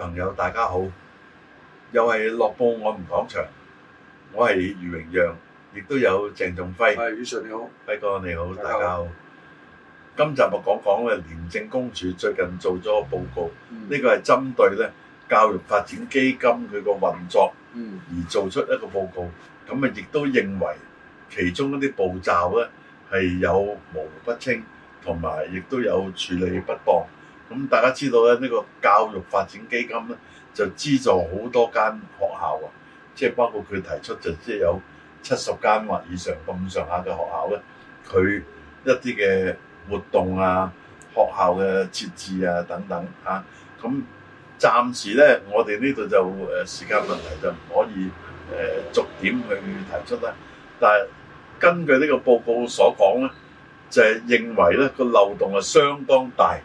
朋友大家好，又係樂報我哋講場，我係余榮陽，亦都有鄭仲輝。係宇順你好，輝哥你好，大家好。今集我講講咧，廉政公署最近做咗個報告，呢個係針對咧教育發展基金佢個運作而做出一個報告。咁啊，亦都認為其中一啲步驟咧係有模糊不清，同埋亦都有處理不當。咁大家知道咧，呢個教育發展基金咧就資助好多間學校啊，即係包括佢提出就即係有七十間或以上咁上下嘅學校咧，佢一啲嘅活動啊、學校嘅設置啊等等吓。咁暫時咧，我哋呢度就誒時間問題就唔可以誒逐點去提出啦。但係根據呢個報告所講咧，就係認為咧個漏洞係相當大。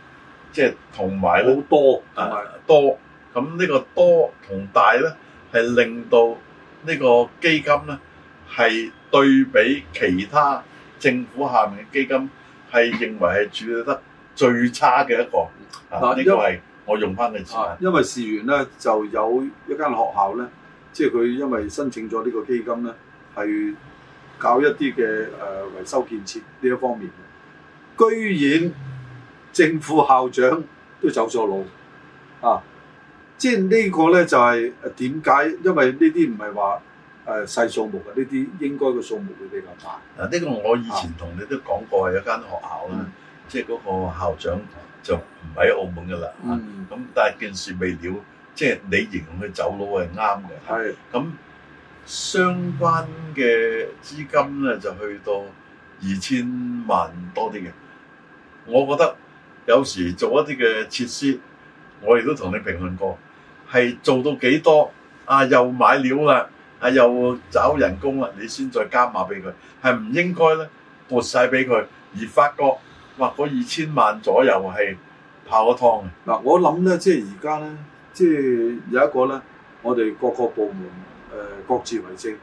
即係同埋好多同埋多，咁呢個多同大咧，係令到呢個基金咧係對比其他政府下面嘅基金係認為係處理得最差嘅一個。嗱，呢、啊這個係我用翻嘅錢。因為事緣咧，就有一間學校咧，即係佢因為申請咗呢個基金咧，係搞一啲嘅誒維修建設呢一方面嘅，居然。政府校長都走咗佬，啊！即係呢個咧就係誒點解？因為呢啲唔係話誒細數目嘅，呢啲應該個數目會比較大。嗱，呢個我以前同你都講過，啊、一間學校咧，即係嗰個校長就唔喺澳門噶啦。咁、啊嗯、但係件事未了，即、就、係、是、你形容佢走佬係啱嘅。咁，相關嘅資金咧就去到二千萬多啲嘅，我覺得。有時做一啲嘅設施，我亦都同你評論過，係做到幾多啊？又買料啦，啊又找人工啦，你先再加碼俾佢，係唔應該咧？撥晒俾佢，而發覺話嗰二千萬左右係泡個湯。嗱，我諗咧，即係而家咧，即係有一個咧，我哋各個部門誒、呃、各自為政，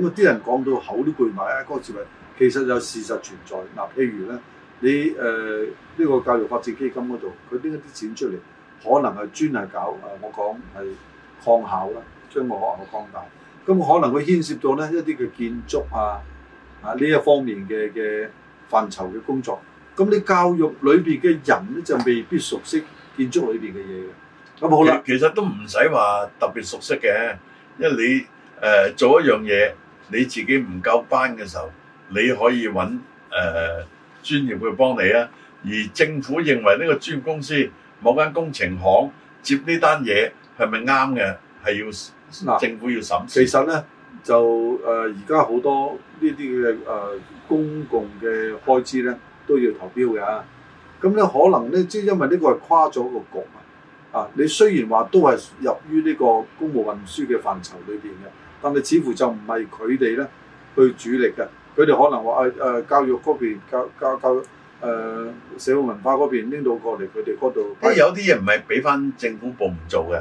咁啲人講到口都攰埋啊，各自為其實有事實存在。嗱、啊，譬如咧。你誒呢個教育發展基金嗰度，佢邊一啲錢出嚟，可能係專係搞誒，我講係擴校啦，將個學校擴大。咁可能會牽涉到咧一啲嘅建築啊，啊呢一方面嘅嘅範疇嘅工作。咁你教育裏邊嘅人咧就未必熟悉建築裏邊嘅嘢嘅。咁好啦，其實都唔使話特別熟悉嘅，因為你誒做一樣嘢，你自己唔夠班嘅時候，你可以揾誒。專業去幫你啊！而政府認為呢個專業公司某間工程行接呢單嘢係咪啱嘅？係要政府要審。其實呢，就誒，而家好多呢啲嘅誒公共嘅開支呢都要投標嘅，啊。咁你可能呢，即、就、係、是、因為呢個係跨咗個局啊！你雖然話都係入於呢個公務運輸嘅範疇裏邊嘅，但係似乎就唔係佢哋呢去主力嘅。佢哋可能話誒誒教育嗰邊教教教誒，呃，社會文化嗰邊拎到過嚟，佢哋嗰度。誒有啲嘢唔係俾翻政府部門做嘅，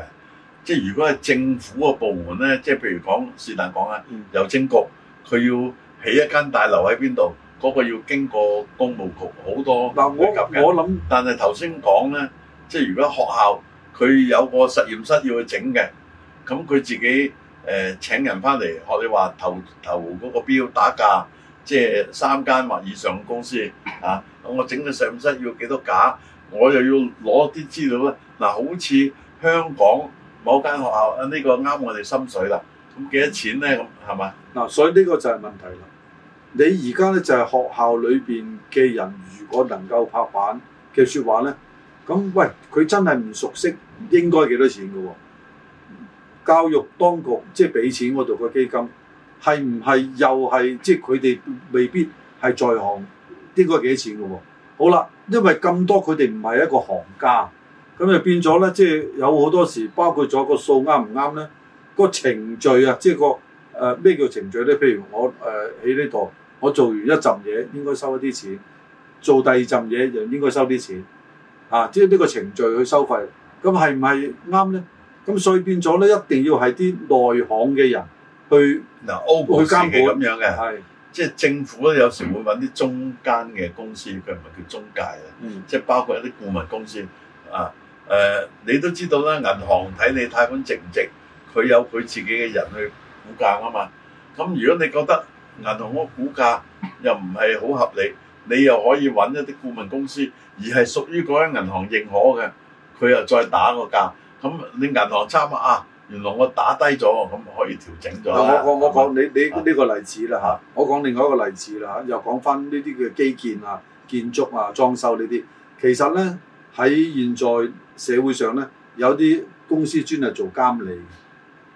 即係如果係政府嘅部門咧，即係譬如講是但講啊，郵政局佢要起一間大樓喺邊度，嗰，那個要經過公務局好多。嗱我我諗，但係頭先講咧，即係如果學校佢有個實驗室要去整嘅，咁佢自己誒，呃，請人翻嚟我哋話投投嗰個標打架。即係三間或以上嘅公司啊！我整個實驗室要幾多架？我又要攞啲資料咧。嗱，好似香港某間學校啊，呢個啱我哋心水啦。咁幾多錢咧？咁係嘛？嗱，所以呢個就係問題啦。你而家咧就係學校裏邊嘅人，如果能夠拍板嘅説話咧，咁喂，佢真係唔熟悉，應該幾多錢㗎喎？教育當局即係俾錢嗰度嘅基金。係唔係又係即係佢哋未必係在行，應該幾錢嘅喎？好啦，因為咁多佢哋唔係一個行家，咁就變咗咧，即係有好多時包括咗個數啱唔啱咧。個程序啊，即係個誒咩叫程序咧？譬如我誒喺呢度，我做完一陣嘢應該收一啲錢，做第二陣嘢就應該收啲錢，啊，即係呢個程序去收費，咁係唔係啱咧？咁所以變咗咧，一定要係啲內行嘅人。去嗱，O 股咁樣嘅，即係、就是、政府有時會揾啲中間嘅公司，佢唔係叫中介啦、嗯，即係包括一啲顧問公司啊。誒、呃，你都知道啦，銀行睇你貸款值唔值，佢有佢自己嘅人去估價啊嘛。咁如果你覺得銀行個估價又唔係好合理，你又可以揾一啲顧問公司，而係屬於嗰間銀行認可嘅，佢又再打個價。咁你銀行參考啊。原來我打低咗，咁可以調整咗。我說我我講你你呢個例子啦嚇，我講另外一個例子啦，又講翻呢啲嘅基建啊、建築啊、裝修呢啲。其實咧喺現在社會上咧，有啲公司專係做監理。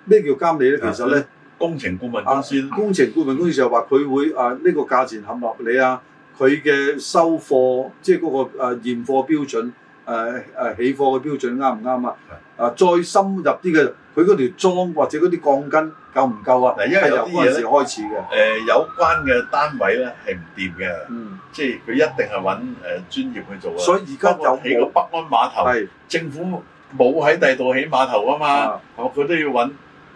咩叫監理咧？其實咧，工程顧問公司、啊。工程顧問公司就話佢會啊，呢、這個價錢合唔合理啊？佢嘅收貨即係嗰個啊驗貨標準。誒起貨嘅標準啱唔啱啊？啊，對對啊，再深入啲嘅，佢嗰條樁或者嗰啲鋼筋夠唔夠啊？因為由呢件事開始嘅。誒、呃、有關嘅單位咧係唔掂嘅，即係佢一定係揾、嗯、專業去做。所以而家有起個北安碼頭，政府冇喺第二度起碼頭啊嘛，佢、啊、都要揾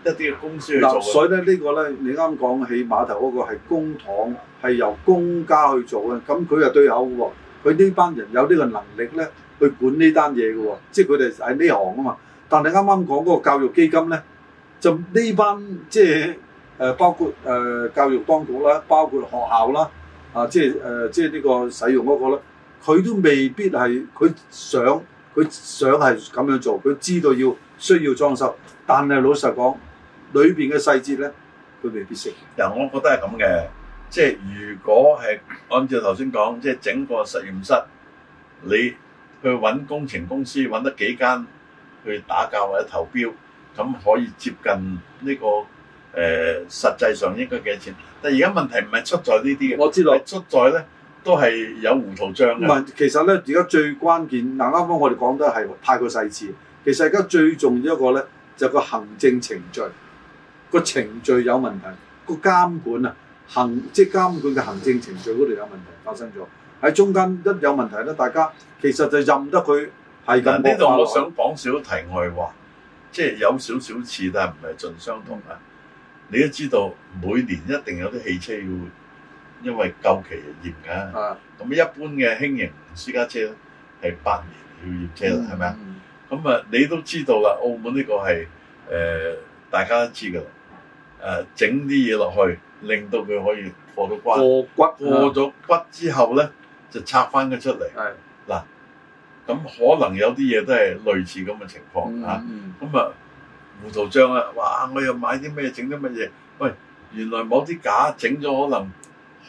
一啲嘅公司去做、啊。所以咧呢個咧，你啱講起碼頭嗰個係公帑，係由公家去做嘅，咁佢就對口喎。佢呢班人有呢個能力咧，去管呢單嘢嘅喎，即係佢哋喺呢行啊嘛。但係啱啱講嗰個教育基金咧，就呢班即係包括、呃、教育當局啦，包括學校啦，啊即係、呃、即係呢個使用嗰個咧，佢都未必係佢想佢想係咁樣做，佢知道要需要裝修，但係老實講，裏面嘅細節咧，佢未必識。嗱，我覺得係咁嘅，即係如果係按照頭先講，即係整個實驗室你，去揾工程公司揾得幾間去打價或者投標，咁可以接近呢、這個誒、呃、實際上應該幾多錢？但而家問題唔係出在呢啲嘅，我知道，出在咧都係有糊塗賬唔係，其實咧而家最關鍵，嗱，啱啱我哋講得係太過細緻，其實而家最重要一個咧就個行政程序，個程序有問題，個監管啊行即監管嘅行政程序嗰度有問題發生咗。喺中間一有問題咧，大家其實就任得佢係咁。嗱，呢度我想講少題外話，即係有少少似，但係唔係盡相通啊。你都知道每年一定有啲汽車要因為舊期驗嘅，咁一般嘅輕型私家車咧係八年要驗車啦，係咪啊？咁啊，你都知道啦，澳門呢個係誒大家都知㗎啦，誒整啲嘢落去，令到佢可以過到關，過骨過咗骨之後咧。嗯就拆翻佢出嚟。嗱，咁可能有啲嘢都係類似咁嘅情況嚇。咁、嗯嗯、啊，胡塗將啊哇！我又買啲咩，整啲乜嘢？喂，原來某啲假整咗，可能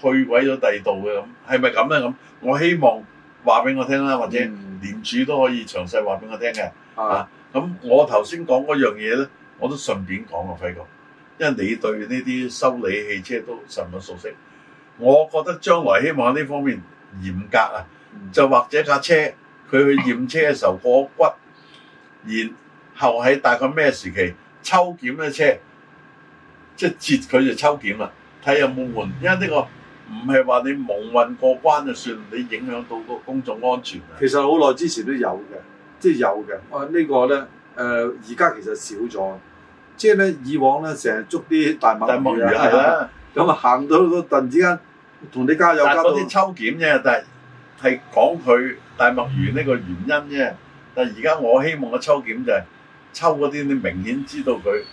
去鬼咗第二度嘅咁。係咪咁咧？咁，我希望話俾我聽啦，或者廉署都可以詳細話俾我聽嘅、嗯。啊，咁我頭先講嗰樣嘢咧，我都順便講啊，輝哥，因為你對呢啲修理汽車都十分熟悉。我覺得將來希望喺呢方面。嚴格啊，就或者架車佢去驗車嘅時候過骨，然後喺大概咩時期抽檢咧車，即係截佢就抽檢啊，睇下有冇換，因為呢個唔係話你蒙混過關就算，你影響到個公眾安全啊。其實好耐之前都有嘅，即係有嘅，我呢個咧誒而家其實少咗，即係咧以往咧成日捉啲大猛魚，魚啊，咁啊行到都突然之間。同你交友交嗰啲抽檢啫，但係係講佢大墨魚呢個原因啫。但係而家我希望嘅抽檢就係、是、抽嗰啲你明顯知道佢誒、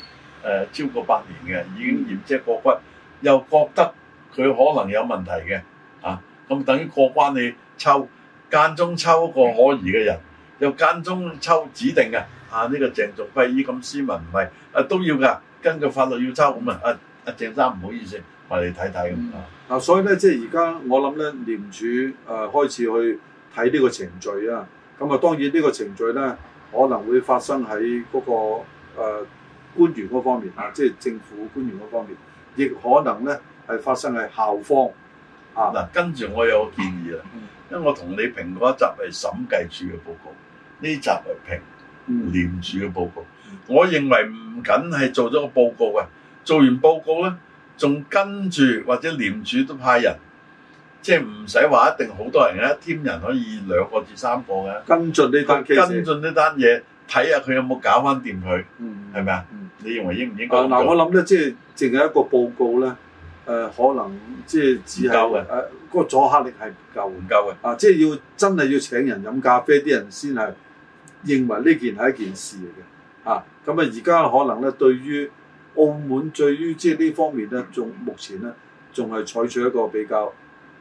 呃、超過八年嘅，已經驗即係過骨，嗯、又覺得佢可能有問題嘅，啊，咁等於過關你抽間中抽一個可疑嘅人，又間中抽指定嘅啊，呢、呢個鄭仲輝依咁斯文唔係啊都要噶，根據法律要抽咁啊。阿鄭生唔好意思，我嚟睇睇咁啊！嗱，所以咧，即係而家我諗咧，廉署誒、呃、開始去睇呢個程序啊。咁啊，當然呢個程序咧，可能會發生喺嗰、嗰個、呃、官員嗰方面啊，即係政府官員嗰方面，亦可能咧係發生喺校方啊。嗱、啊，跟住我有個建議啦，因為我同你評嗰一集係審計處嘅報告，呢集係評廉、嗯、署嘅報告，我認為唔淨係做咗個報告啊。做完報告咧，仲跟住或者廉署都派人，即係唔使話一定好多人啊，添人可以兩個至三個嘅。跟進呢單跟進呢單嘢，睇下佢有冇搞翻掂佢，係咪啊？你認為應唔應該？嗱、啊，我諗咧，即係淨係一個報告咧、呃，可能即係、就是、只係誒、啊嗰個阻嚇力係唔夠。唔夠嘅啊，即、就、係、是、要真係要請人飲咖啡，啲人先係認為呢件係一件事嚟嘅。啊，咁啊，而家可能咧，對於澳門對於即係呢方面咧，仲目前咧，仲係採取一個比較誒、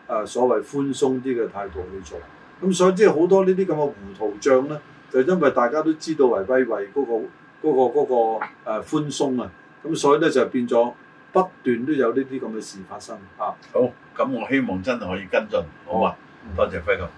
呃、所謂寬鬆啲嘅態度去做。咁所以即係好多呢啲咁嘅糊塗賬咧，就因為大家都知道為為為嗰個嗰、那個嗰、那個、那個呃、寬鬆啊，咁所以咧就變咗不斷都有呢啲咁嘅事發生啊。好，咁我希望真係可以跟進。好啊、嗯，多謝輝哥。